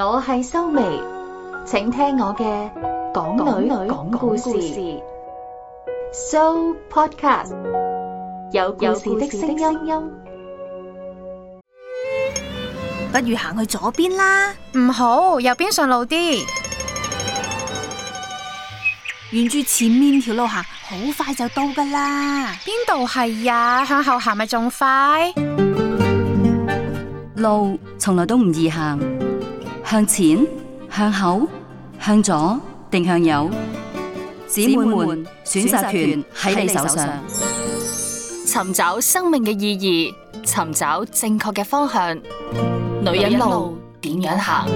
我係修眉，請聽我嘅港女講故事，講故事，So Podcast 有故事的聲音，音不如行去左邊啦。唔好，右邊順路啲。沿住前面條路行，好快就到噶啦。邊度係呀？向後行咪仲快？路從來都唔易行。向前，向後，向左定向右，姊妹們選擇權喺你手上。尋找生命嘅意義，尋找正確嘅方向，女人路點樣行？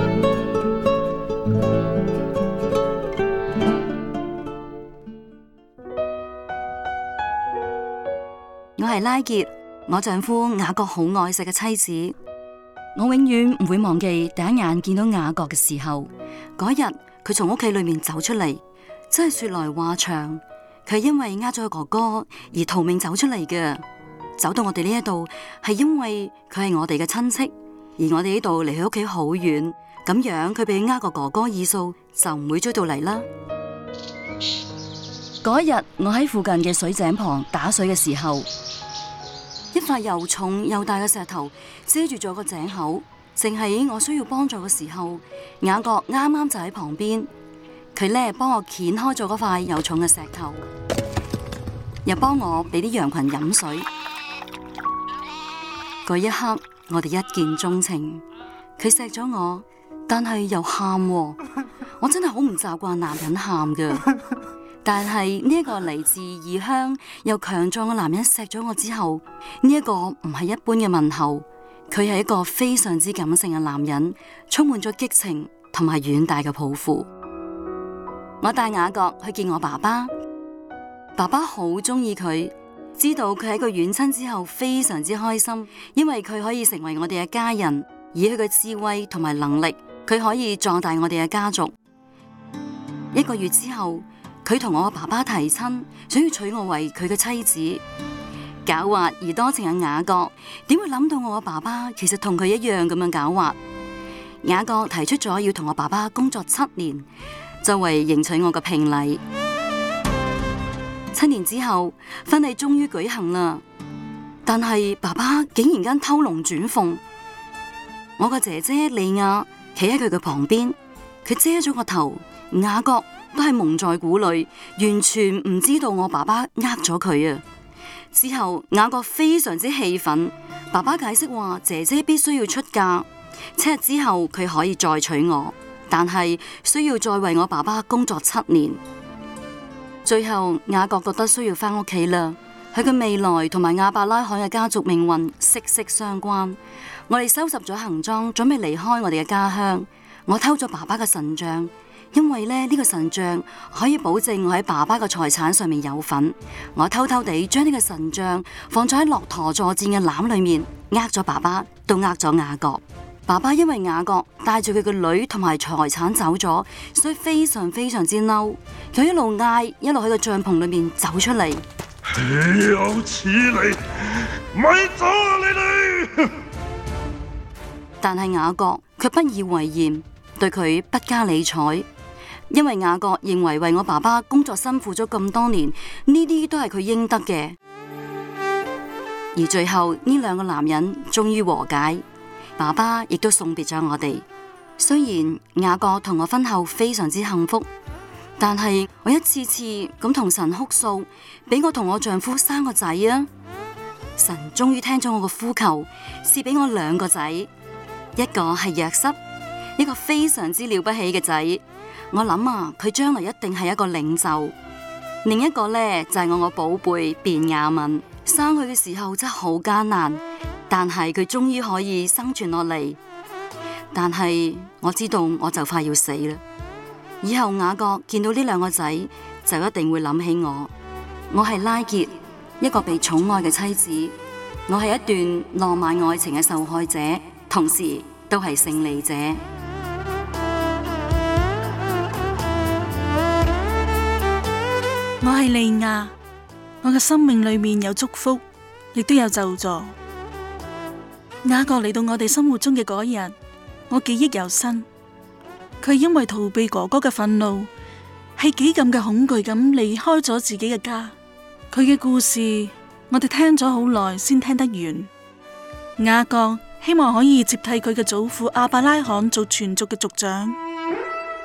我係拉杰，我丈夫雅各好愛錫嘅妻子。我永遠唔會忘記第一眼見到雅各嘅時候，嗰日佢從屋企裏面走出嚟，真係說來話長。佢係因為呃咗哥哥而逃命走出嚟嘅，走到我哋呢一度係因為佢係我哋嘅親戚，而我哋呢度離佢屋企好遠，咁樣佢俾呃個哥哥以掃就唔會追到嚟啦。嗰日我喺附近嘅水井旁打水嘅時候，塊又重又大嘅石頭遮住咗個井口，正係我需要幫助嘅時候，雅各啱啱就喺旁邊，佢咧幫我掀開咗嗰塊又重嘅石頭，又幫我俾啲羊群飲水。嗰一刻，我哋一見鍾情。佢錫咗我，但係又喊、哦，我真係好唔習慣男人喊㗎。但係呢一個嚟自異鄉又強壯嘅男人錫咗我之後，呢一個唔係一般嘅問候，佢係一個非常之感性嘅男人，充滿咗激情同埋遠大嘅抱負。我帶雅各去見我爸爸，爸爸好中意佢，知道佢喺個遠親之後非常之開心，因為佢可以成為我哋嘅家人，以佢嘅智慧同埋能力，佢可以壯大我哋嘅家族。一個月之後。佢同我爸爸提親，想要娶我為佢嘅妻子。狡猾而多情嘅雅各，點會諗到我爸爸其實同佢一樣咁樣狡猾？雅各提出咗要同我爸爸工作七年，作為迎娶我嘅聘禮。七年之後，婚禮終於舉行啦。但係爸爸竟然間偷龍轉鳳。我個姐姐利亞企喺佢嘅旁邊，佢遮咗個頭。雅各，都係蒙在鼓裏，完全唔知道我爸爸呃咗佢啊！之後雅各非常之氣憤，爸爸解釋話：姐姐必須要出嫁，七日之後佢可以再娶我，但係需要再為我爸爸工作七年。最後雅各覺得需要翻屋企啦，佢嘅未來同埋亞伯拉罕嘅家族命運息息相關。我哋收拾咗行裝，準備離開我哋嘅家鄉。我偷咗爸爸嘅神像。因為呢個神像可以保證我喺爸爸嘅財產上面有份，我偷偷地將呢個神像放咗喺駱駝坐氈嘅籃裏面，呃咗爸爸，都呃咗雅各。爸爸因為雅各帶住佢嘅女同埋財產走咗，所以非常非常之嬲，佢一路嗌，一路喺個帳篷裏面走出嚟。豈有此理！咪走啊你哋！但係雅各却不以為然，對佢不加理睬。因為雅各認為為我爸爸工作辛苦咗咁多年，呢啲都係佢應得嘅。而最後呢兩個男人終於和解，爸爸亦都送別咗我哋。雖然雅各同我婚後非常之幸福，但係我一次次咁同神哭訴，俾我同我丈夫生個仔啊！神終於聽咗我個呼求，賜俾我兩個仔，一個係約瑟，一個非常之了不起嘅仔。我諗啊，佢將來一定係一個領袖。另一個呢，就係我我寶貝便雅憫，生佢嘅時候真係好艱難，但係佢終於可以生存落嚟。但係我知道我就快要死啦。以後雅各見到呢兩個仔就一定會諗起我。我係拉杰一個被寵愛嘅妻子，我係一段浪漫愛情嘅受害者，同時都係勝利者。我係利亞，我嘅生命裏面有祝福，亦都有咒詛。雅各嚟到我哋生活中嘅嗰日，我記憶猶新。佢因為逃避哥哥嘅憤怒，係幾咁嘅恐懼咁離開咗自己嘅家。佢嘅故事，我哋聽咗好耐先聽得完。雅各希望可以接替佢嘅祖父阿伯拉罕，罕做全族嘅族長，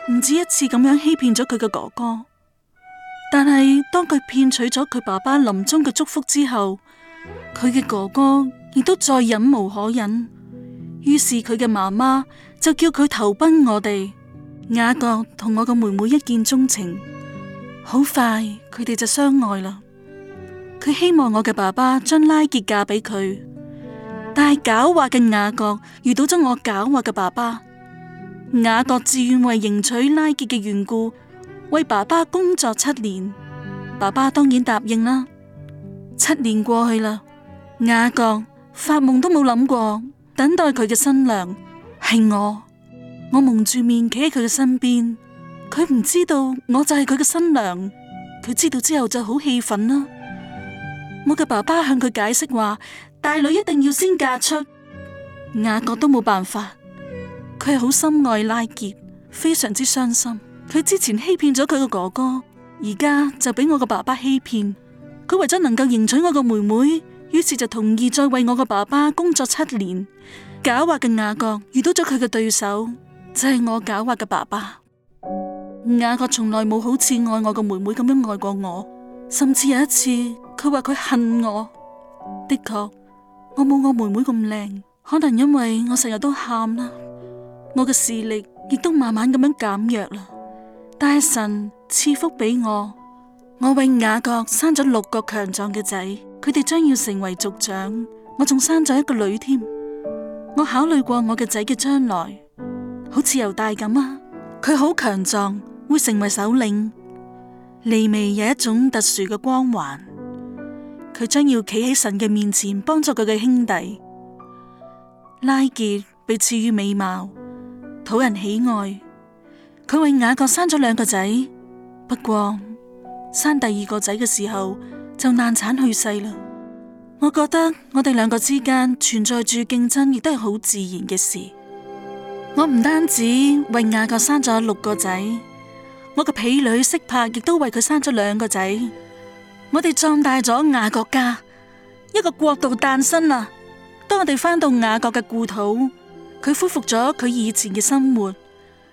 唔止一次咁樣欺騙咗佢嘅哥哥。但係，當佢騙取咗佢爸爸臨終嘅祝福之後，佢嘅哥哥亦都再忍無可忍，於是佢嘅媽媽就叫佢投奔我哋。雅各同我個妹妹一見鍾情，好快佢哋就相愛啦。佢希望我嘅爸爸將拉結嫁俾佢，但係狡猾嘅雅各遇到咗我狡猾嘅爸爸，雅各自願為迎娶拉結嘅緣故。為爸爸工作七年，爸爸當然答應啦。七年過去啦，雅各發夢都冇諗過，等待佢嘅新娘係我。我蒙住面企喺佢嘅身邊，佢唔知道我就係佢嘅新娘。佢知道之後就好氣憤啦。我嘅爸爸向佢解釋話：大女一定要先嫁出，雅各都冇辦法。佢係好深愛拉結，非常之傷心。佢之前欺騙咗佢個哥哥，而家就俾我個爸爸欺騙。佢為咗能夠迎娶我個妹妹，於是就同意再為我個爸爸工作七年。狡猾嘅雅各遇到咗佢嘅對手，就係我狡猾嘅爸爸。雅各從來冇好似愛我個妹妹咁樣愛過我，甚至有一次佢話佢恨我。的確，我冇我妹妹咁靚，可能因為我成日都喊啦。我嘅視力亦都慢慢咁樣減弱啦。但神賜福俾我，我為雅各生咗六個強壯嘅仔，佢哋將要成為族長。我仲生咗一個女添。我考慮過我嘅仔嘅將來，好似猶大咁啊，佢好強壯，會成為首領。利未有一種特殊嘅光環，佢將要企喺神嘅面前幫助佢嘅兄弟。拉結被賜予美貌，討人喜愛。佢為雅各生咗兩個仔，不過生第二個仔嘅時候就難產去世啦。我覺得我哋兩個之間存在住競爭，亦都係好自然嘅事。我唔單止為雅各生咗六個仔，我嘅婢女色柏亦都為佢生咗兩個仔。我哋壯大咗雅各家，一個國度誕生啦。當我哋翻到雅各嘅故土，佢恢復咗佢以前嘅生活。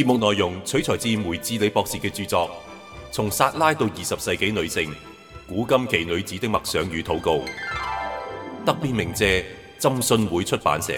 節目內容取材自梅志里博士嘅著作《從撒拉到二十世紀女性：古今奇女子的默想與禱告》名，特別鳴謝浸信會出版社。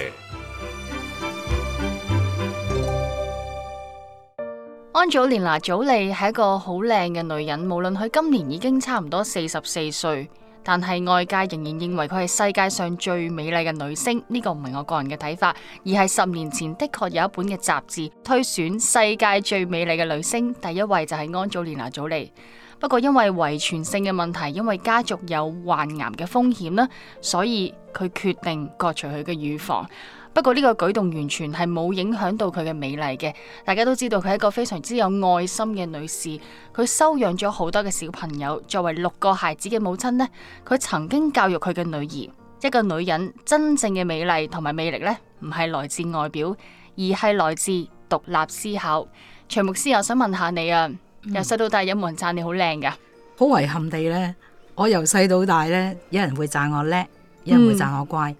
安祖蓮娜祖莉係一個好靚嘅女人，無論佢今年已經差唔多四十四歲。但係外界仍然認為佢係世界上最美麗嘅女星，呢個唔係我個人嘅睇法，而係十年前的確有一本嘅雜誌推選世界最美麗嘅女星，第一位就係安祖蓮娜祖莉。不過因為遺傳性嘅問題，因為家族有患癌嘅風險啦，所以佢決定割除佢嘅乳房。不過呢個舉動完全係冇影響到佢嘅美麗嘅，大家都知道佢係一個非常之有愛心嘅女士，佢收養咗好多嘅小朋友。作為六個孩子嘅母親呢，佢曾經教育佢嘅女兒，一個女人真正嘅美麗同埋魅力呢，唔係來自外表，而係來自獨立思考。徐牧師又想問下你啊，由細到大有冇人讚你好靚㗎？好遺、嗯、憾地呢，我由細到大呢，有人會讚我叻，有人會讚我乖。嗯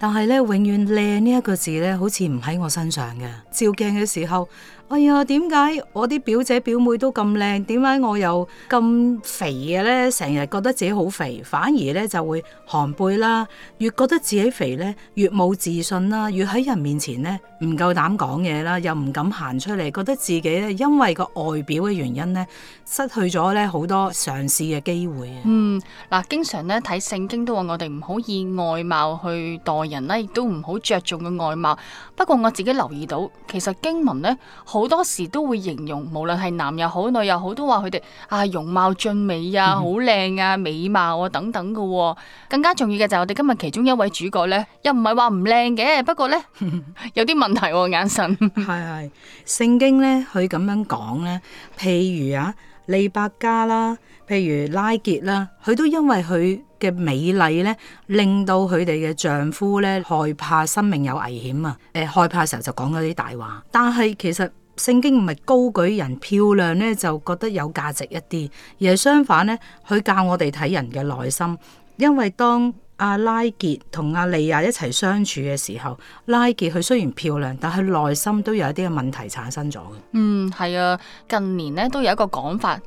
但係咧，永遠靚呢一個字咧，好似唔喺我身上嘅。照鏡嘅時候。哎呀，點解我啲表姐表妹都咁靚？點解我又咁肥嘅呢？成日覺得自己好肥，反而呢就會寒背啦。越覺得自己肥呢，越冇自信啦。越喺人面前呢，唔夠膽講嘢啦，又唔敢行出嚟。覺得自己呢，因為個外表嘅原因呢，失去咗呢好多嘗試嘅機會。嗯，嗱，啊，經常呢睇聖經都話我哋唔好以外貌去待人啦，亦都唔好着重嘅外貌。不過我自己留意到，其實經文呢。好多時都會形容，無論係男又好，女又好，都話佢哋啊容貌俊美啊，好靚啊，美貌啊、哦、等等噶、哦。更加重要嘅就係我哋今日其中一位主角呢，又唔係話唔靚嘅，不過呢，有啲問題喎、哦，眼神。係係，聖經呢，佢咁樣講呢，譬如啊，利百加啦，譬如拉結啦，佢都因為佢嘅美麗呢，令到佢哋嘅丈夫呢害怕生命有危險啊。誒、呃、害怕嘅時候就講咗啲大話，但係其實。聖經唔係高舉人漂亮咧，就覺得有價值一啲，而係相反咧，佢教我哋睇人嘅內心。因為當阿拉傑同阿利亞一齊相處嘅時候，拉傑佢雖然漂亮，但係佢內心都有一啲嘅問題產生咗嘅。嗯，係啊，近年咧都有一個講法。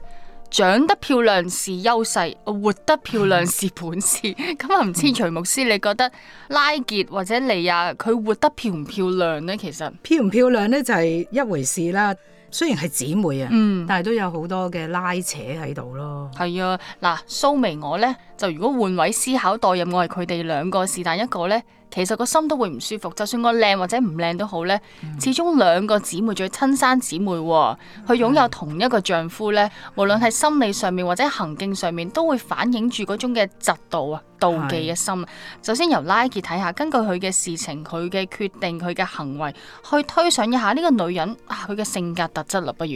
長得漂亮是優勢，活得漂亮是本事。咁 啊、嗯，唔 知徐牧師你覺得、嗯、拉結或者利亞佢活得漂唔漂亮呢？其實漂唔漂亮呢，就係、是、一回事啦。雖然係姊妹、嗯、啊，但係都有好多嘅拉扯喺度咯。係啊，嗱，蘇眉我呢，就如果換位思考，代入我係佢哋兩個是但一個呢。其實個心都會唔舒服，就算我靚或者唔靚都好咧，嗯、始終兩個姊妹仲要親生姊妹，佢擁有、嗯、有同一個丈夫咧，嗯、無論係心理上面或者行徑上面，都會反映住嗰種嘅嫉妒啊、妒忌嘅心。首、嗯、先由拉 i 睇下，根據佢嘅事情、佢嘅決定、佢嘅行為，去推想一下呢個女人佢嘅、啊、性格特質啦，不如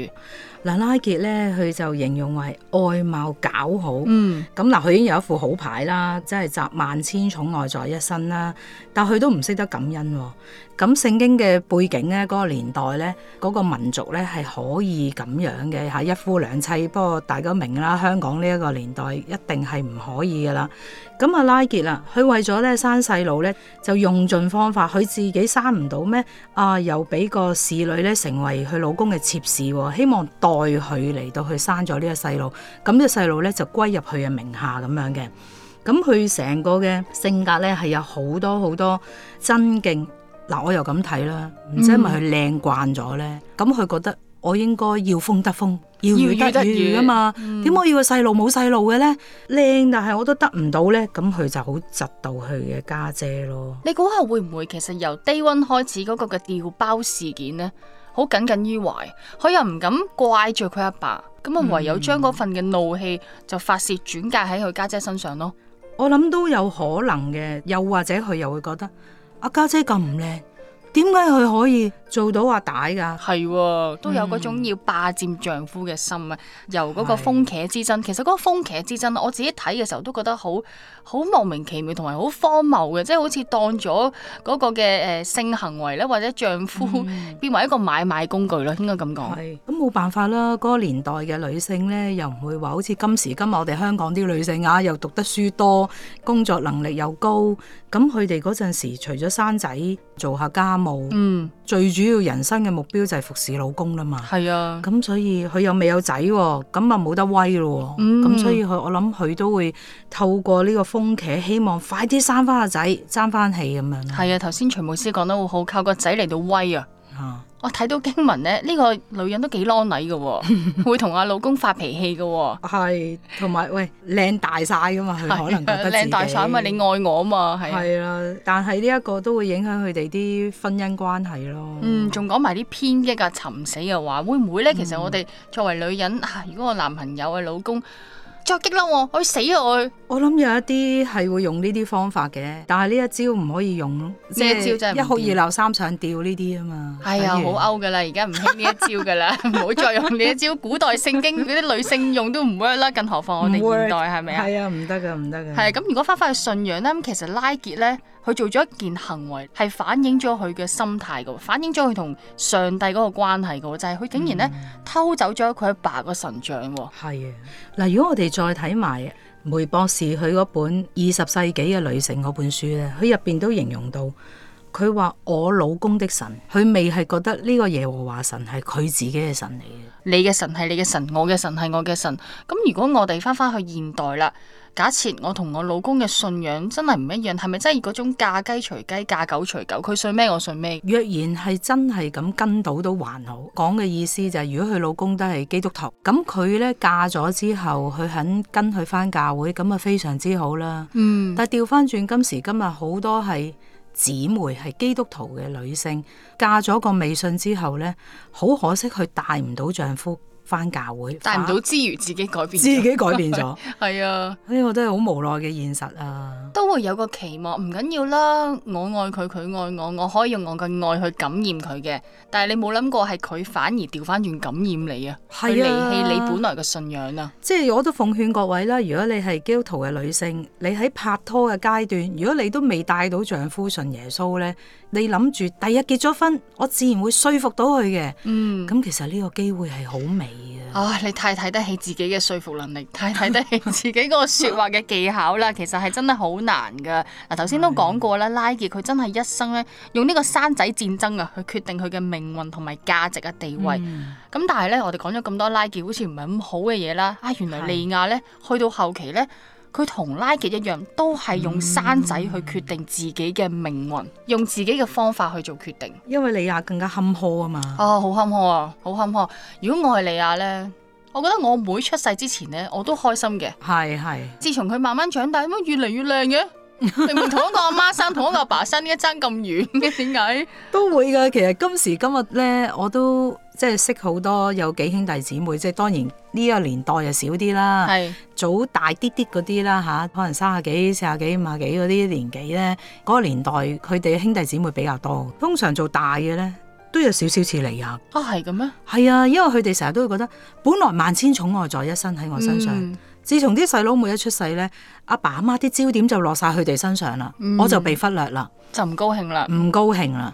嗱拉 i k 咧，佢就形容為外貌搞好，嗯，咁嗱佢已經有一副好牌啦，即係集萬千寵愛在一身啦。但佢都唔識得感恩喎、哦。咁聖經嘅背景咧，嗰、那個年代咧，嗰、那個民族咧係可以咁樣嘅吓一夫兩妻。不過大家明啦，香港呢一個年代一定係唔可以噶啦。咁啊拉結啦、啊，佢為咗咧生細路咧，就用盡方法，佢自己生唔到咩？啊，又俾個侍女咧成為佢老公嘅妾侍、哦，希望代佢嚟到去生咗、那個、呢個細路。咁呢個細路咧就歸入佢嘅名下咁樣嘅。咁佢成個嘅性格咧，係有好多好多真勁。嗱，我又咁睇啦，唔知係咪佢靚慣咗咧？咁佢覺得我應該要風得風，要雨得雨啊嘛。點、嗯、我要個細路冇細路嘅咧？靚但係我都得唔到咧，咁佢就好窒到佢嘅家姐咯。你估下會唔會其實由低温開始嗰個嘅掉包事件咧，好耿耿於懷，佢又唔敢怪罪佢阿爸，咁啊唯有將嗰份嘅怒氣就發泄轉嫁喺佢家姐身上咯。我諗都有可能嘅，又或者佢又會覺得阿家姐咁唔靚。點解佢可以做到話大㗎？係喎、啊，都有嗰種要霸佔丈夫嘅心啊。嗯、由嗰個風茄之爭，係。其實嗰個風茄之爭，我自己睇嘅時候都覺得好好莫名其妙同埋好荒謬嘅，即係好似當咗嗰個嘅誒性行為咧，或者丈夫、嗯、變為一個買賣工具咯，應該咁講。係咁冇辦法啦，嗰、嗰個年代嘅女性咧，又唔會話好似今時今日我哋香港啲女性啊，又讀得書多，工作能力又高。咁佢哋嗰陣時除，除咗生仔做下家。冇，嗯、最主要人生嘅目標就係服侍老公啦嘛。係啊，咁所以佢又未有仔，哦，咁啊冇得威咯。咁、嗯、所以佢，我諗佢都會透過呢個風期，希望快啲生翻個仔，爭翻氣咁樣。係啊，頭先徐牧師講得好好，靠個仔嚟到威啊。我睇、啊、到經文咧，呢、這個女人都幾啷禮嘅， 會同阿老公發脾氣嘅、哦，係同埋喂靚大晒噶嘛，佢可能靚 大晒因為嘛，你愛我啊嘛，係係啦，但係呢一個都會影響佢哋啲婚姻關係咯。嗯，仲講埋啲偏激啊、尋死嘅話，會唔會咧？其實我哋作為女人啊，嗯、如果我男朋友啊、老公。再激嬲我死啊我！我諗有一啲係會用呢啲方法嘅，但係呢一招唔可以用咯。呢一招就係一哭二鬧三上吊呢啲啊嘛。係啊、哎呀，嗯、好 out 噶啦而家唔興呢一招噶啦唔好 再用呢一招。 古代聖經嗰啲女性用都唔 work 啦，更何況我哋現代係咪不 work, 吧啊？係啊，唔得噶唔得噶係啊，咁如果翻翻去信仰咧，咁其實拉結咧，佢做咗一件行為，係反映咗佢嘅心態噶，反映咗佢同上帝嗰個關係噶，就係、是、佢竟然咧、嗯、偷走咗佢阿爸個神像。係啊，嗱，如果我哋。再睇埋梅博士佢嗰本二十世紀嘅女性嗰本書咧，佢入邊都形容到，佢話我老公的神，佢未係覺得呢個耶和華神係佢自己嘅神嚟嘅。你嘅神係你嘅神，我嘅神係我嘅神。咁如果我哋翻翻去現代啦。假設我同我老公嘅信仰真係唔一樣，係咪真係嗰種嫁雞隨雞，嫁狗隨狗？佢信咩，我信咩？若然係真係咁跟到都還好，講嘅意思就係、是、如果佢老公都係基督徒，咁佢呢嫁咗之後，佢肯跟佢返教會，咁啊非常之好啦。嗯，但係掉返轉今時今日好多係姊妹係基督徒嘅女性嫁咗個未信之後呢，好可惜佢帶唔到丈夫。翻教會，帶唔到之餘，自己改變，自己改變咗，係 啊，呢個都係好無奈嘅現實啊！都會有個期望，唔緊要啦，我愛佢，佢愛我，我可以用我嘅愛去感染佢嘅。但係你冇諗過係佢反而調翻轉感染你啊？去離棄你本來嘅信仰啊！即係我都奉勸各位啦，如果你係基督徒嘅女性，你喺拍拖嘅階段，如果你都未帶到丈夫信耶穌呢。你諗住第日結咗婚，我自然會說服到佢嘅。嗯，咁其實呢個機會係好微啊。啊，你太睇得起自己嘅說服能力， 太睇得起自己個說話嘅技巧啦。 其實係真係好難噶。嗱，頭先都講過啦，拉杰佢真係一生咧，用呢個山仔戰爭啊，去決定佢嘅命運同埋價值嘅地位。咁、嗯、但係咧，我哋講咗咁多拉杰，好似唔係咁好嘅嘢啦。啊，原來利亞咧，去到後期咧。佢同拉 i 一樣，都係用生仔去決定自己嘅命運，嗯、用自己嘅方法去做決定。因為李亞更加坎坷啊嘛。哦，好坎坷啊，好坎坷。如果我愛李亞呢，我覺得我妹出世之前呢，我都開心嘅。係係。自從佢慢慢長大，咁樣越嚟越靚嘅，唔同 一個阿媽，媽生，同 一個阿爸，爸生，一爭咁遠嘅點解？都會噶，其實今時今日呢，我都。即係識好多有幾兄弟姊妹，即係當然呢個年代就少啲啦。係是早大啲啲嗰啲啦吓，可能三十幾、四十幾、五十幾嗰啲年紀咧，嗰、嗰個年代佢哋兄弟姊妹比較多。通常做大嘅咧，都有少少似離合啊，係咁咩？係啊，因為佢哋成日都會覺得本來萬千寵愛在一身喺我身上，嗯、自從啲細佬妹一出世咧，阿爸阿媽啲焦點就落晒佢哋身上啦，嗯、我就被忽略啦，就唔高興啦，唔 高興啦。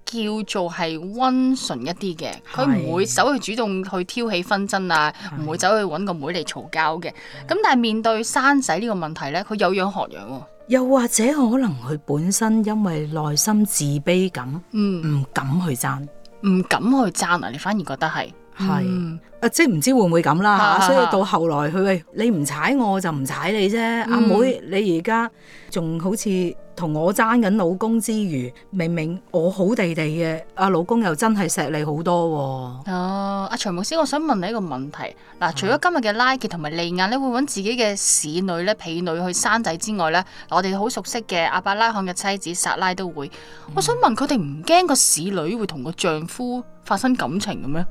叫做係溫順一啲嘅，佢唔會走去主動去挑起紛爭啊，唔是的 會走去揾個妹嚟嘈交嘅。咁是的 但係面對生仔呢個問題呢，佢有樣學樣喎。又或者可能佢本身因為內心自卑感，嗯，唔敢去爭，唔敢去爭啊！你反而覺得係。係、嗯嗯、啊，即係唔知會唔會咁啦吓。所以是、啊、到後來佢喂你唔踩我就唔踩你啫。阿、嗯啊、妹，你而家仲好似同我爭緊老公之餘，明明我好地地嘅阿老公又真係錫你好多。哦，阿、哦、徐牧師，我想問你一個問題。嗱、啊，除咗今日嘅拉 i 同埋利雅，你會揾自己嘅使女咧、婢女去生仔之外呢？我哋好熟悉嘅阿伯拉罕嘅妻子撒拉都會。我想問佢哋唔驚個使女會同個丈夫發生感情嘅咩？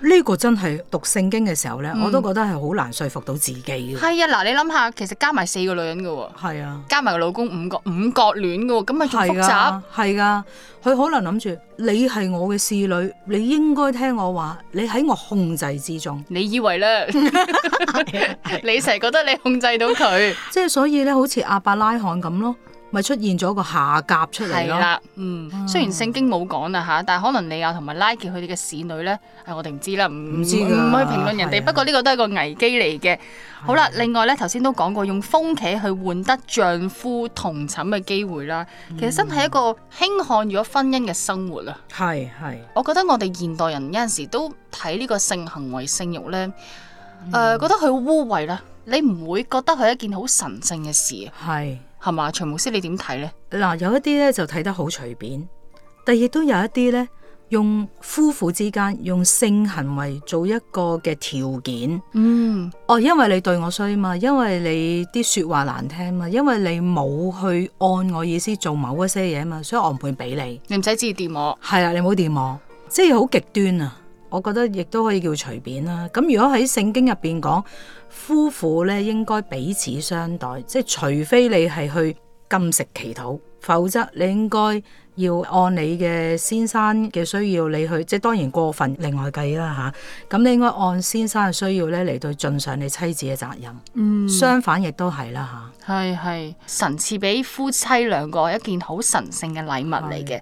呢個真係讀聖經嘅時候呢，我都覺得係好難說服到自己嘅。係、嗯、啊，嗱，你諗下，其實加埋四個女人嘅喎、哦，係啊，加埋個老公五個五角戀嘅喎、哦，咁咪越複雜。係佢、啊啊、可能諗住你係我嘅侍女，你應該聽我話，你喺我控制之中。你以為呢？你成日覺得你控制到佢，即係 所以呢，好似亞伯拉罕咁咯。咪出現咗個下夾出嚟咯，嗯，雖然聖經冇講啦嚇，但係可能你啊同埋拉結佢哋嘅使女咧，係我哋唔知啦，唔唔去評論人哋。不過呢個都係一個危機嚟嘅。好啦，另外咧頭先都講過，用風茄去換得丈夫同寢嘅機會啦，其實真係一個輕看咗婚姻嘅生活啦。係係，我覺得我哋現代人有陣時都睇呢個性行為、性慾咧，誒覺得佢污穢啦，你唔會覺得佢係一件好神聖嘅事啊。係。係嘛，徐牧師，你點睇咧？嗱，有一啲咧就睇得好隨便，但亦都有一啲咧，用夫婦之間用性行為做一個嘅條件。嗯，哦，因為你對我衰嘛，因為你啲說話難聽嘛，因為你冇去按我意思做某一些嘢嘛，所以我唔會俾你。你唔使旨意掂我，係啊，你冇好掂我，即係好極端啊！我覺得亦都可以叫隨便啦。咁如果喺聖經入邊講，夫婦咧應該彼此相待，即係除非你係去禁食祈禱，否則你應該要按你嘅先生嘅需要，你去即係當然過分另外計啦吓。咁、啊、你應該按先生嘅需要咧嚟到盡上你妻子嘅責任。嗯、相反亦都係啦吓。係、啊、係，神賜俾夫妻兩個一件好神聖嘅禮物嚟嘅。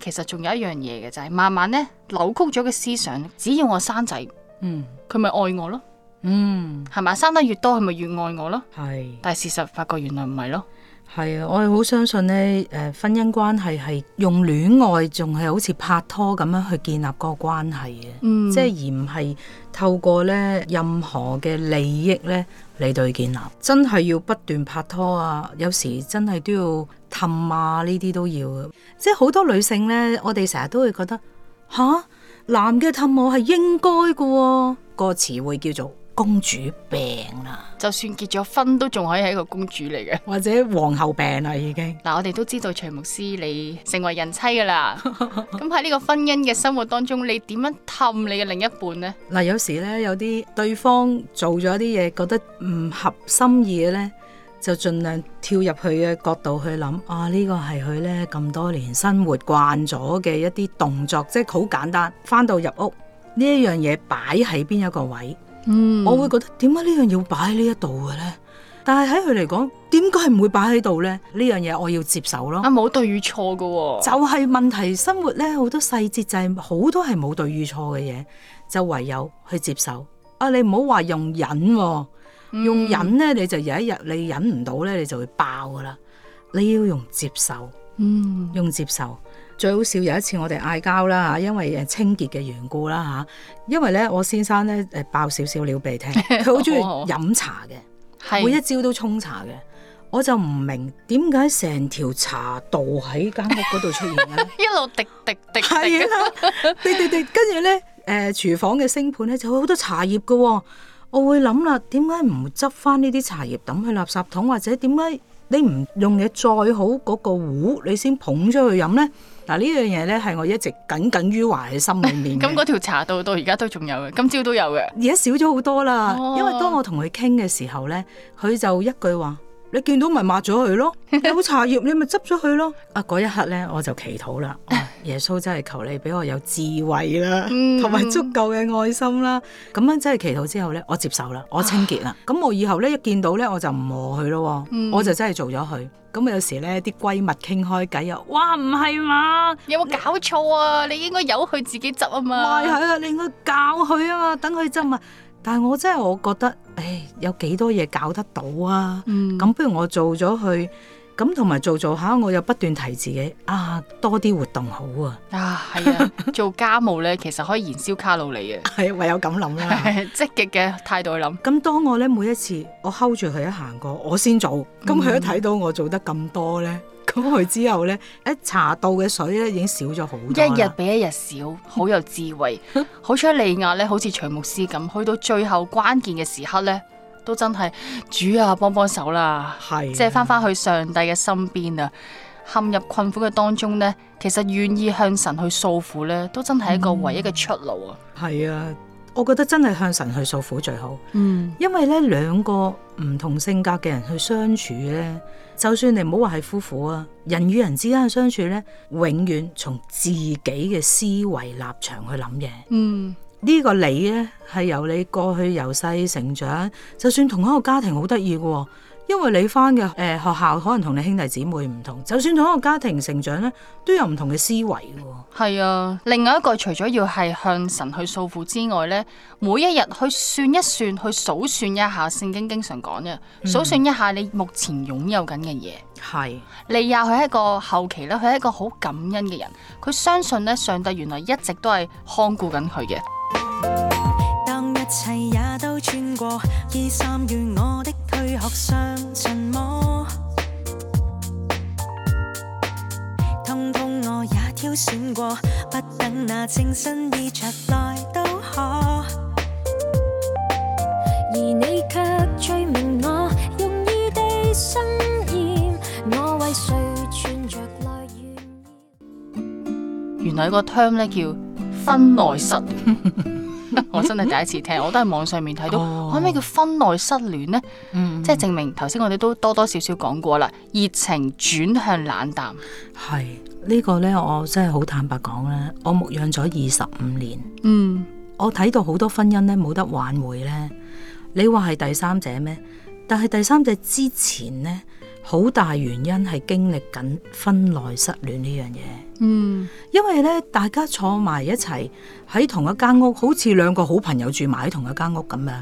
其實仲有一樣嘢，嘅就係、是、慢慢咧扭曲咗嘅思想，只要我生仔，嗯，佢咪愛我咯，嗯，係咪，生得越多，佢咪越愛我咯，係是，但係事實發覺原來唔係咯，係啊，我係好相信咧，誒，婚姻關係係用戀愛仲係好似拍拖咁樣去建立個關係嘅，嗯、即係而唔係透過咧任何嘅利益咧。你對建立真係要不斷拍拖啊！有時真係都要氹啊！呢啲都要，即係好多女性呢，我哋成日都會覺得吓、啊，男嘅氹我係應該嘅喎、啊，個詞會叫做。公主病啦，就算結咗婚都仲可以係一個公主嚟嘅。 或者皇后病啦已經。嗱，我哋都知道徐牧師你成為人妻噶啦，咁喺呢個婚姻嘅生活當中，你點樣氹你嘅另一半呢？嗱、呃，有時咧有啲對方做咗啲嘢，覺得唔合心意嘅咧，就盡量跳入佢嘅角度去諗啊。呢個係佢咧咁多年生活慣咗嘅一啲動作，即係好簡單。翻到入屋呢一樣嘢擺喺邊一個位。嗯，mm. 我會覺得點解呢樣要擺喺呢一度嘅咧？但係喺佢嚟講，點解係唔會擺喺度咧？呢樣嘢我要接受咯。啊，冇對與錯噶，就係問題生活咧，好多細節就係、是、好多係冇對與錯嘅嘢，就唯有去接受啊。你唔好話用忍、哦，mm. 用忍咧，你就有一日你忍唔到咧，你就會爆噶啦。你要用接受，嗯，mm. 用接受。最好笑，有一次我哋嗌交啦，因為誒清潔嘅緣故啦嚇。因為咧我先生咧誒爆少少料俾你聽，佢好中意飲茶嘅， 每一朝都沖茶嘅。的我就唔明點解成條茶道喺間屋嗰度出現嘅， 一路滴滴滴，滴 的，係跟住咧誒廚房嘅星盤咧，就好多茶葉嘅、哦。我會諗啦，點解唔執翻呢啲茶葉抌去垃圾桶，或者點解你唔用嘢再好嗰個壺，你先捧出去飲咧？嗱，呢樣嘢咧係我一直耿耿於懷嘅心裏面。咁嗰條茶道到而家都仲有嘅，今朝都有嘅。而家少咗好多啦，因為當我同佢傾嘅時候咧，佢就一句話。你見到咪抹咗佢咯？有茶葉你咪執咗佢咯？啊！嗰一刻咧，我就祈禱啦、哦。耶穌真係求你俾我有智慧啦，同埋 足夠嘅愛心啦。咁樣真係祈禱之後咧，我接受啦，我清潔啦。咁 我以後咧一見到咧，我就唔和佢咯。我就真係做咗佢。咁啊，有時咧啲閨蜜傾開偈啊，哇！唔係嘛？有冇搞錯啊？ 你應該由佢自己執啊嘛。唔係啊，你應該教佢啊嘛，等佢執啊。 但係我真係我覺得，誒有幾多嘢搞得到啊？咁、嗯、不如我做咗去。咁同埋做做下，我又不斷提自己啊，多啲活動好啊！啊，係啊， 做家務咧，其實可以燃燒卡路里嘅，係、啊、唯有咁諗啦， 積極嘅態度去諗。咁當我咧每一次我 hold 住佢一行過，我先做，咁佢、嗯、一睇到我做得咁多咧，咁佢之後咧一茶到嘅水咧已經少咗好多，一日比一日少，好有智慧， 好彩利亞咧，好似長牧師咁，去到最後關鍵嘅時刻咧。都真係主啊，幫幫手啦，係、即係翻翻去上帝嘅身邊啊，陷入困苦嘅當中咧，其實願意向神去訴苦咧，都真係一個唯一嘅出路啊！係、嗯、啊，我覺得真係向神去訴苦最好，嗯，因為咧兩個唔同性格嘅人去相處咧，就算你唔好話係夫婦啊，人與人之間嘅相處咧，永遠從自己嘅思維立場去諗嘢，嗯。呢個你呢，係由你過去由細成長，就算同一個家庭好得意嘅，因為你翻嘅誒學校可能同你兄弟姊妹唔同，就算同一個家庭成長呢，都有唔同嘅思維嘅、哦。係啊，另外一個除咗要係向神去訴苦之外呢，每一日去算一算，去數算一下聖經經常講嘅數算一下你目前擁有緊嘅嘢。係，利亞佢係一個後期呢，佢係一個好感恩嘅人，佢相信呢，上帝原來一直都係看顧緊佢嘅。一切也都穿過，衣衫與我的軀殼相沉摩，通通我也挑選過，不等那清新衣着來都可，而你卻最明我，容易地鮮艷，我為誰穿着來炫耀？原來個 term 呢叫婚內失聯 我真係第一次聽，我都喺網上面睇到，乜嘢，oh. 叫婚內失戀呢，mm. 即係證明頭先我哋都多多少少講過啦，熱情轉向冷淡，係呢、這個呢，我真係好坦白講咧，我牧養咗二十五年，嗯，mm. 我睇到好多婚姻呢，冇得挽回呢。你話係第三者咩？但係第三者之前呢。好大原因係經歷緊婚內失戀呢樣嘢，嗯，因為咧大家坐埋一齊喺同一間屋，好似兩個好朋友住埋喺同一間屋咁樣，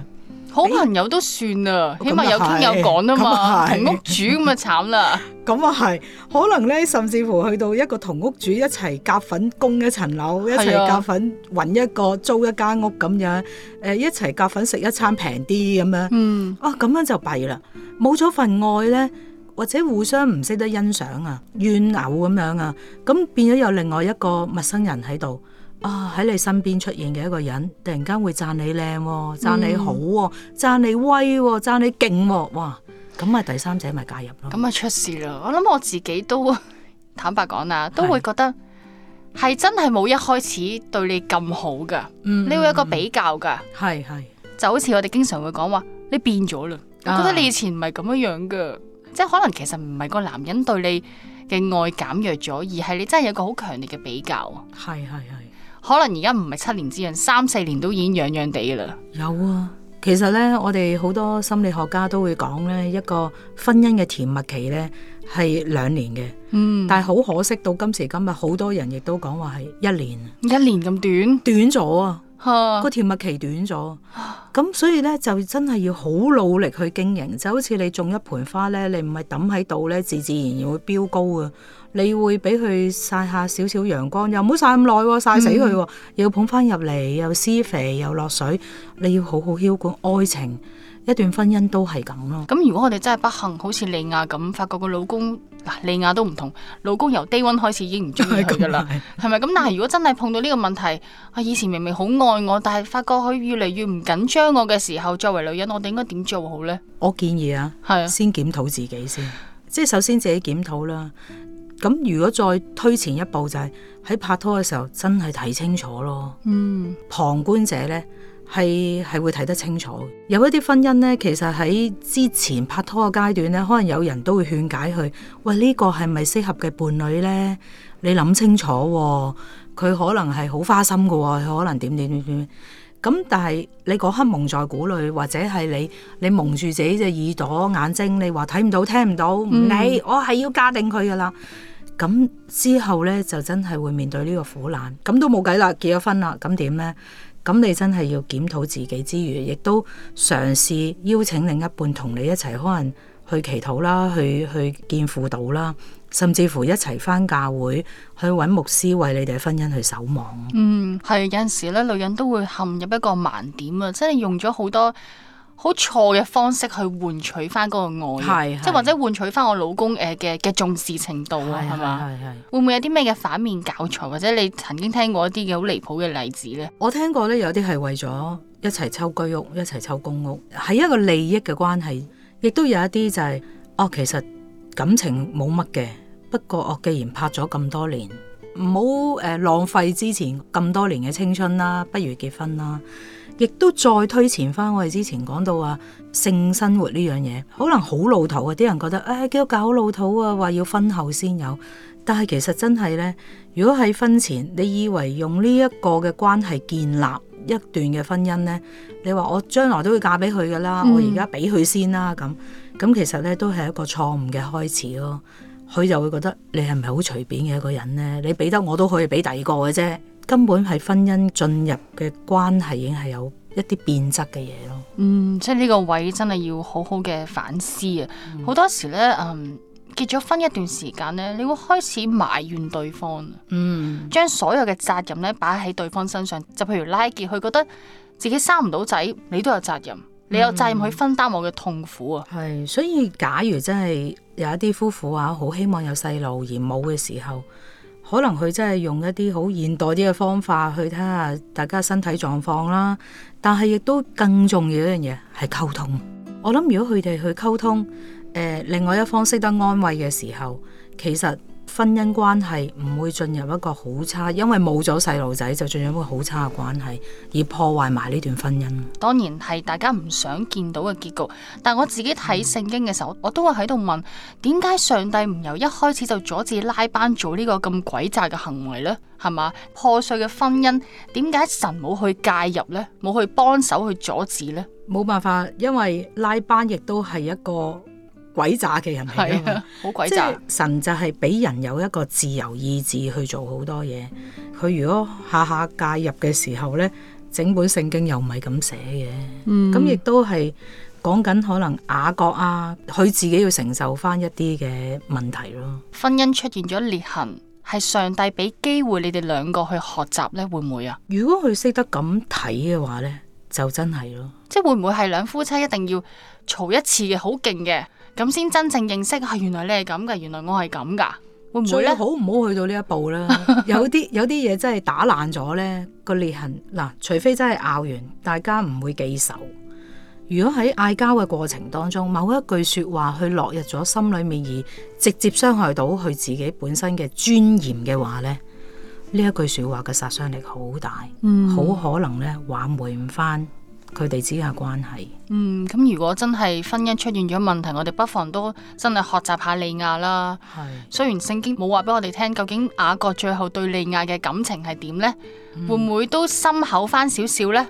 好朋友都算啦，起碼有傾有講啊嘛，同屋主咁啊慘啦，咁啊係，可能咧甚至乎去到一個同屋主一齊夾粉供一層樓，一齊夾粉搵一個租一間屋咁樣，誒一齊夾粉食一餐平啲咁樣，嗯，啊咁樣就弊啦，冇咗份愛咧。或者互相唔識得欣賞啊，怨偶咁樣啊，咁變咗有另外一個陌生人喺度啊，喺你身邊出現嘅一個人，突然間會讚你靚、啊，讚你好、啊，讚、嗯、你威、啊，讚你勁、啊，哇！咁咪第三者咪介入咯，咁啊出事啦！我諗我自己都坦白講啦，都會覺得係真係冇一開始對你咁好噶，你會有的一個比較噶，係係的就好似我哋經常會講話，你變咗啦，我覺得你以前唔係咁樣樣噶。即係可能其實唔係個男人對你嘅愛減弱咗，而係你真係有個好強烈嘅比較。係係係，可能而家唔係七年之癢，三四年都已經癢癢哋啦。有啊，其實呢，我哋好多心理學家都會講呢，一個婚姻嘅甜蜜期呢係兩年嘅。嗯，但係好可惜，到今時今日，好多人亦都講話係一年，一年咁短，短咗啊！個甜蜜期短咗，咁所以呢，就真係要好努力去經營，就好似你種一盆花呢，你唔係抌喺度呢，自自然然會飆高啊。你會俾佢曬下少少陽光，又唔好曬咁耐曬死佢，嗯、又要捧翻入嚟，又施肥，又落水，你要好好監管愛情。一段婚姻都係咁咯。咁如果我哋真係不幸，好似利亞咁，發覺個老公嗱，利亞都唔同，老公由 day one 開始已經唔中意佢噶啦，係咪咁？ 但係如果真係碰到呢個問題，啊，以前明明好愛我，但係發覺佢越嚟越唔緊張我嘅時候，作為女人，我哋應該點做好呢？我建議啊，係、啊、先檢討自己先，即係首先自己檢討啦。咁如果再推前一步、就是，就係喺拍拖嘅時候，真係睇清楚咯。嗯，旁觀者呢。係係會睇得清楚，有一啲婚姻呢，其實喺之前拍拖嘅階段呢，可能有人都會勸解佢：喂，呢、這個係咪適合嘅伴侶呢？你諗清楚、喎，佢可能係好花心噶、喎，佢可能點點點點。咁但係你嗰刻蒙在鼓裏，或者係你你蒙住自己隻耳朵、眼睛，你話睇唔到、聽唔到，唔、嗯、理，我係要嫁定佢噶啦。咁之後呢，就真係會面對呢個苦難，咁都冇計啦，結咗婚啦，咁點呢？咁你真係要檢討自己之餘，亦都嘗試邀請另一半同你一齊，可能去祈禱啦，去去見輔導啦，甚至乎一齊翻教會去揾牧師為你哋嘅婚姻去守望。嗯，係有陣時咧，女人都會陷入一個盲點啊，即係用咗好多好錯嘅方式去換取翻嗰個愛，即是是 或者換取翻我老公誒嘅嘅重視程度啊，係嘛？會唔會有啲咩嘅反面教材，或者你曾經聽過一啲嘅好離譜嘅例子呢？我聽過呢，有啲係為咗一齊抽居屋，一齊抽公屋，係一個利益嘅關係，亦都有一啲就係、是、哦，其實感情冇乜嘅，不過我既然拍咗咁多年。唔好誒浪費之前咁多年嘅青春啦，不如結婚啦，亦都再推前翻我哋之前講到啊，性生活呢樣嘢，可能好老土啊！啲人覺得誒幾好搞老土啊，話要婚後先有，但係其實真係呢，如果喺婚前，你以為用呢一個嘅關係建立一段嘅婚姻呢，你話我將來都會嫁俾佢噶啦，嗯、我而家俾佢先啦，咁咁其實呢，都係一個錯誤嘅開始咯。佢就會覺得你係唔係好隨便嘅一個人呢？你俾得我都可以俾第二個嘅啫，根本係婚姻進入嘅關係已經係有一啲變質嘅嘢咯。嗯，即係呢個位真係要好好嘅反思啊！好多時呢，嗯，結咗婚一段時間呢，你會開始埋怨對方，嗯，將所有嘅責任呢擺喺對方身上，就譬如拉結，佢覺得自己生唔到仔，你都有責任。你有責任去分擔我嘅痛苦啊！係，所以假如真係有一啲夫婦啊，好希望有細路而冇嘅時候，可能佢真係用一啲好現代啲嘅方法去睇下大家身體狀況啦。但係亦都更重要一樣嘢係溝通。我諗如果佢哋去溝通，誒、呃、另外一方識得安慰嘅時候，其實。婚姻關係唔會進入一個好差，因為冇咗細路仔就進入一個好差嘅關係，而破壞埋呢段婚姻。當然係大家唔想見到嘅結局。但我自己睇聖經嘅時候，我都會喺度問：點解上帝唔由一開始就阻止拉班做呢個咁鬼詐嘅行為呢？係嘛，破碎嘅婚姻，點解神冇去介入呢？冇去幫手去阻止呢？冇辦法，因為拉班亦都係一個。鬼詐嘅人嚟嘅，係啊，好鬼詐。神就係俾人有一個自由意志去做好多嘢。佢如果下下介入嘅時候呢，整本聖經又唔係咁寫嘅。咁亦都係講緊可能雅各啊，佢自己要承受翻一啲嘅問題咯。婚姻出現咗裂痕，係上帝俾機會你哋兩個去學習呢，會唔會啊？如果佢識得咁睇嘅話呢，就真係咯。即係會唔會係兩夫妻一定要嘈一次嘅，好勁嘅？咁先真正認識係，原來你係咁噶，原來我係咁噶。會唔會咧？好唔好去到呢一步咧？有啲有啲嘢真係打爛咗咧個裂痕。嗱， 除非真係拗完，大家唔會記仇。如果喺嗌交嘅過程當中，某一句說話去落入咗心裏面，而直接傷害到佢自己本身嘅尊嚴嘅話咧，呢一句說話嘅殺傷力好大，嗯、好可能咧挽回唔翻。佢哋之間嘅關係。嗯，咁如果真係婚姻出現咗問題，我哋不妨都真係學習下利亞啦。係是，雖然聖經冇話俾我哋聽，究竟雅各最後對利亞嘅感情係點呢？嗯、會唔會都深厚翻少少呢？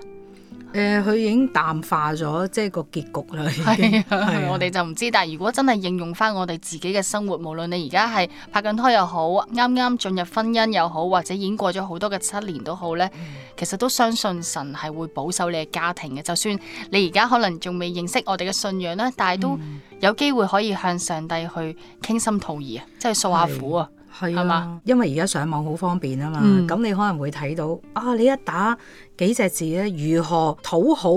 誒，佢、呃、已經淡化咗，即係個結局啦。係 啊， 啊，我哋就唔知。但係如果真係應用翻我哋自己嘅生活，無論你而家係拍緊拖又好，啱啱進入婚姻又好，或者已經過咗好多嘅七年都好咧，嗯、其實都相信神係會保守你嘅家庭嘅。就算你而家可能仲未認識我哋嘅信仰咧，但係都、嗯、有機會可以向上帝去傾心吐意啊，即係訴下苦啊。係啊，因為而家上網好方便啊嘛，咁、嗯、你可能會睇到啊，你一打幾隻字咧，如何討好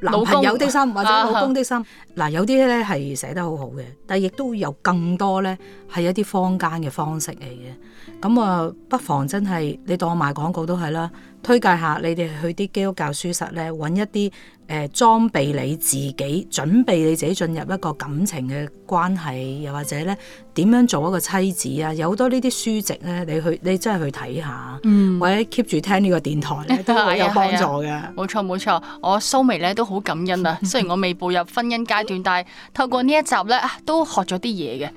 男朋友的心公或者老公的心？嗱、啊，有啲咧係寫得好好嘅，但係亦都有更多咧係一啲坊間嘅方式嚟嘅。咁啊，不妨真係你當我賣廣告都係啦。推介下你哋去啲基督教書室咧，揾一啲誒裝備你自己，準備你自己進入一個感情嘅關係，又或者咧點樣做一個妻子啊？有好多呢啲書籍咧，你去你真係去睇下，嗯、或者 keep 住聽呢個電台咧，都會有幫助嘅。冇錯冇錯，我蘇眉咧都好感恩啊。雖然我未步入婚姻階段， 但係透過呢一集咧，都學咗啲嘢嘅。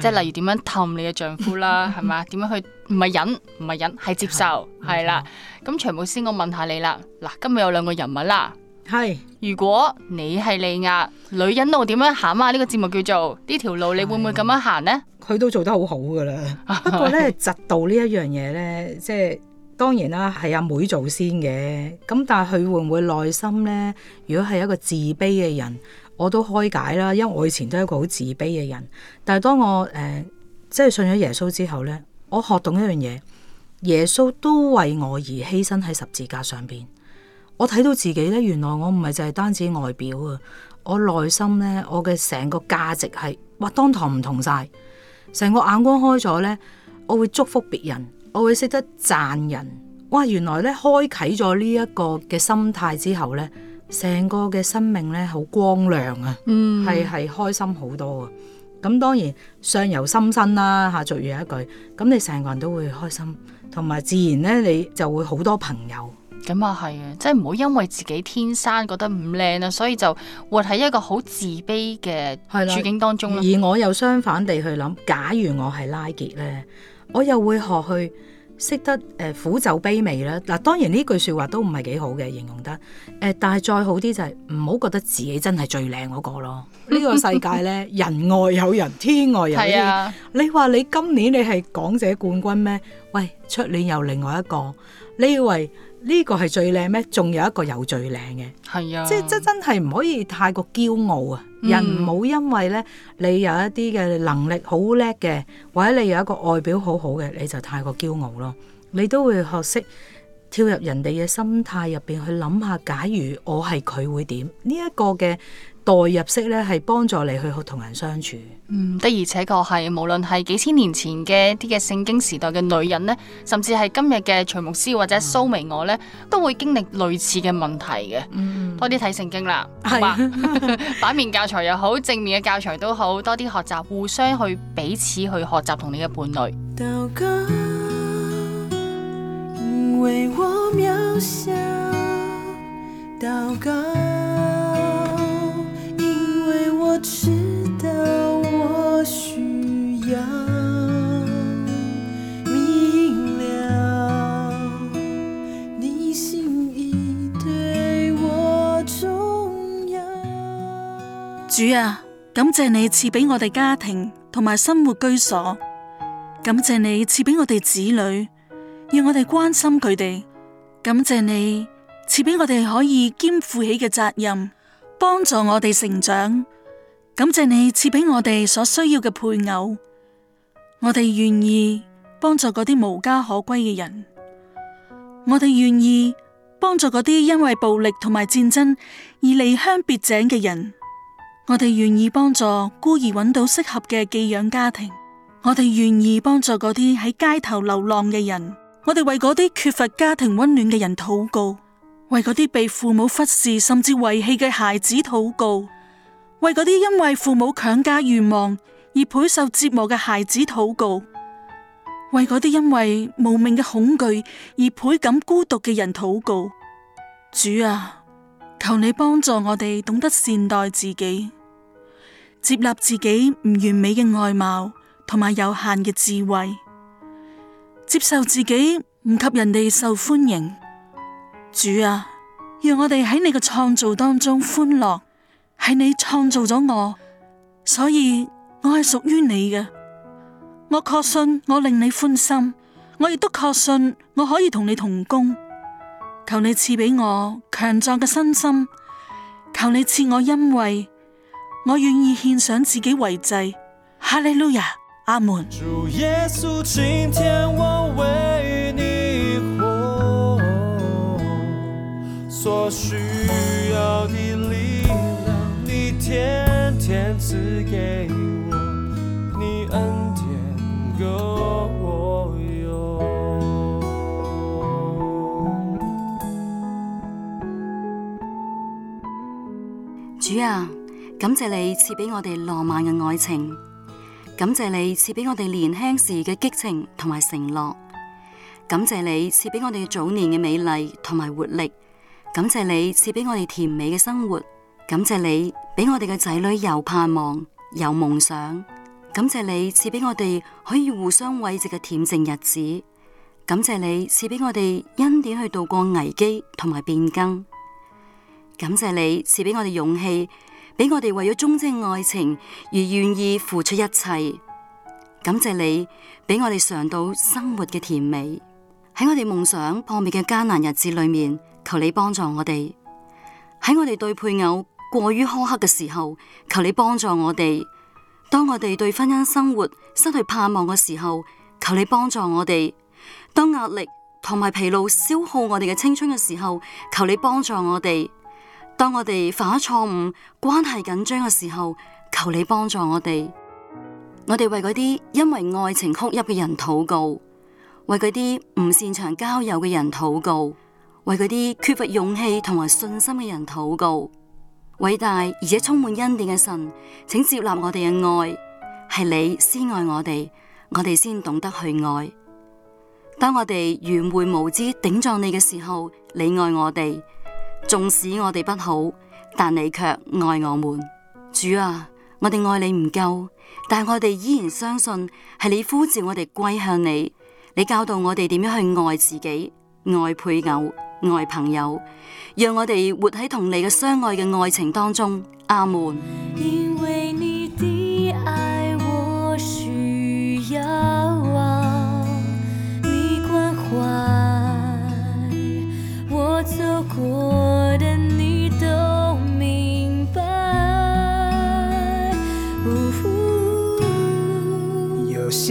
即係例如點樣氹你嘅丈夫啦，係嘛？ 點樣去唔係忍，唔係忍係接受，係啦。咁徐母先，我問下你啦。嗱，今日有兩個人物啦，係的。如果你係利亞，女人路點樣行啊？呢個節目叫做呢條路，你會唔會咁樣行呢？佢都做得好好噶啦。 不過呢，嫉妒呢一樣嘢呢，即係當然啦，係阿妹做先嘅。咁但係佢會唔會內心呢？如果係一個自卑嘅人。我都開解啦，因為我以前都係一個好自卑嘅人。但係當我誒、呃、即係信咗耶穌之後呢，我學懂一樣嘢，耶穌都為我而犧牲喺十字架上面。我睇到自己呢，原來我唔係就係單止外表啊，我內心呢，我嘅成個價值係哇，當堂唔同晒，成個眼光開咗呢，我會祝福別人，我會識得讚人。哇，原來呢，開啟咗呢一個嘅心態之後呢。成個嘅生命咧，好光亮啊，係係、嗯、開心好多啊！咁當然，上游心身啦、啊、吓，俗語一句，咁你成個人都會開心，同埋自然咧，你就會好多朋友。咁啊係啊，即係唔好因為自己天生覺得唔靚啊，所以就活喺一個好自卑嘅處境當中啦。而我又相反地去諗，假如我係拉杰咧，我又會學去。識得誒、呃、苦酒卑微啦，嗱，當然呢句説話都唔係幾好嘅形容得誒、呃，但係再好啲就係唔好覺得自己真係最靚嗰個咯。呢 個世界咧，人外有人，天外有天。 你話你今年你係港姐冠軍咩？喂，出年又另外一個。你以為？呢個係最靚咩？仲有一個有最靚嘅，啊、即即真係唔可以太過驕傲啊！嗯、人唔好因為咧你有一啲嘅能力好叻嘅，或者你有一個外表好好嘅，你就太過驕傲咯，你都會學識。跳入人哋嘅心態入邊去諗下，假如我係佢會點？呢、這、一個嘅代入式咧，係幫助你去同人相處。嗯，的而且確係，無論係幾千年前嘅啲嘅聖經時代嘅女人呢，甚至係今日嘅徐牧師或者蘇眉我呢，嗯、都會經歷類似嘅問題嘅。嗯、多啲睇聖經啦，係嘛，反、啊、 面教材又好，正面嘅教材都好，多啲學習，互相去彼此去學習同你嘅伴侶。嗯主啊，感謝你賜俾我哋家庭同埋生活居所，感謝你賜俾我哋子女。要我哋關心佢哋，感謝你賜俾我哋可以肩負起嘅責任，幫助我哋成長。感謝你賜俾我哋所需要嘅配偶，我哋願意幫助嗰啲無家可歸嘅人，我哋願意幫助嗰啲因為暴力同埋戰爭而離鄉別井嘅人，我哋願意幫助孤兒揾到適合嘅寄養家庭，我哋願意幫助嗰啲喺街頭流浪嘅人。我哋為嗰啲缺乏家庭溫暖嘅人禱告，為嗰啲被父母忽視甚至遺棄嘅孩子禱告，為嗰啲因為父母強加願望而倍受折磨嘅孩子禱告，為嗰啲因為無名嘅恐懼而倍感孤獨嘅人禱告。主啊，求你幫助我哋懂得善待自己，接納自己唔完美嘅外貌同埋有限嘅智慧。接受自己唔及人哋受歡迎，主啊，讓我哋喺你嘅創造當中歡樂。係你創造咗我，所以我係屬於你嘅。我確信我令你歡心，我亦都確信我可以同你同工。求你賜俾我強壯嘅身心，求你賜我欣慰。我願意獻上自己為祭。哈利路亞。阿門。主耶穌，今天我為你活，所需要的力量，你天天賜給我，你恩典夠我用。主啊，感謝你賜俾我哋浪漫嘅愛情。感謝你賜俾我哋年輕時嘅激情同埋承諾，感謝你賜俾我哋嘅早年嘅美麗同埋活力，感謝你賜俾我哋甜美嘅生活，感謝你俾我哋嘅仔女又盼望又夢想，感謝你賜俾我哋可以互相慰藉嘅恬靜日子，感謝你賜俾我哋恩典去度過危機同埋變更，感謝你賜俾我哋勇氣。俾我哋為咗忠貞愛情而願意付出一切，感謝你俾我哋嘗到生活嘅甜美。喺我哋夢想破滅嘅艱難日子裏面，求你幫助我哋。喺我哋對配偶過於苛刻嘅時候，求你幫助我哋。當我哋對婚姻生活失去盼望嘅時候，求你幫助我哋。當壓力同埋疲勞消耗我哋嘅青春嘅時候，求你幫助我哋。當我哋犯咗錯誤、關係緊張嘅時候，求你幫助我哋。我哋為嗰啲因為愛情哭泣嘅人禱告，為嗰啲唔擅長交友嘅人禱告，為嗰啲缺乏勇氣同埋信心嘅人禱告。偉大而且充滿恩典嘅神，請接納我哋嘅愛。係你先愛我哋，我哋先懂得去愛。當我哋愚昧無知頂撞你嘅時候，你愛我哋。縱使我哋不好，但你卻愛我們。主啊，我哋愛你唔夠，但我哋依然相信係你呼召我哋歸向你。你教導我哋點樣去愛自己、愛配偶、愛朋友，讓我哋活喺同你嘅相愛嘅愛情當中。阿門。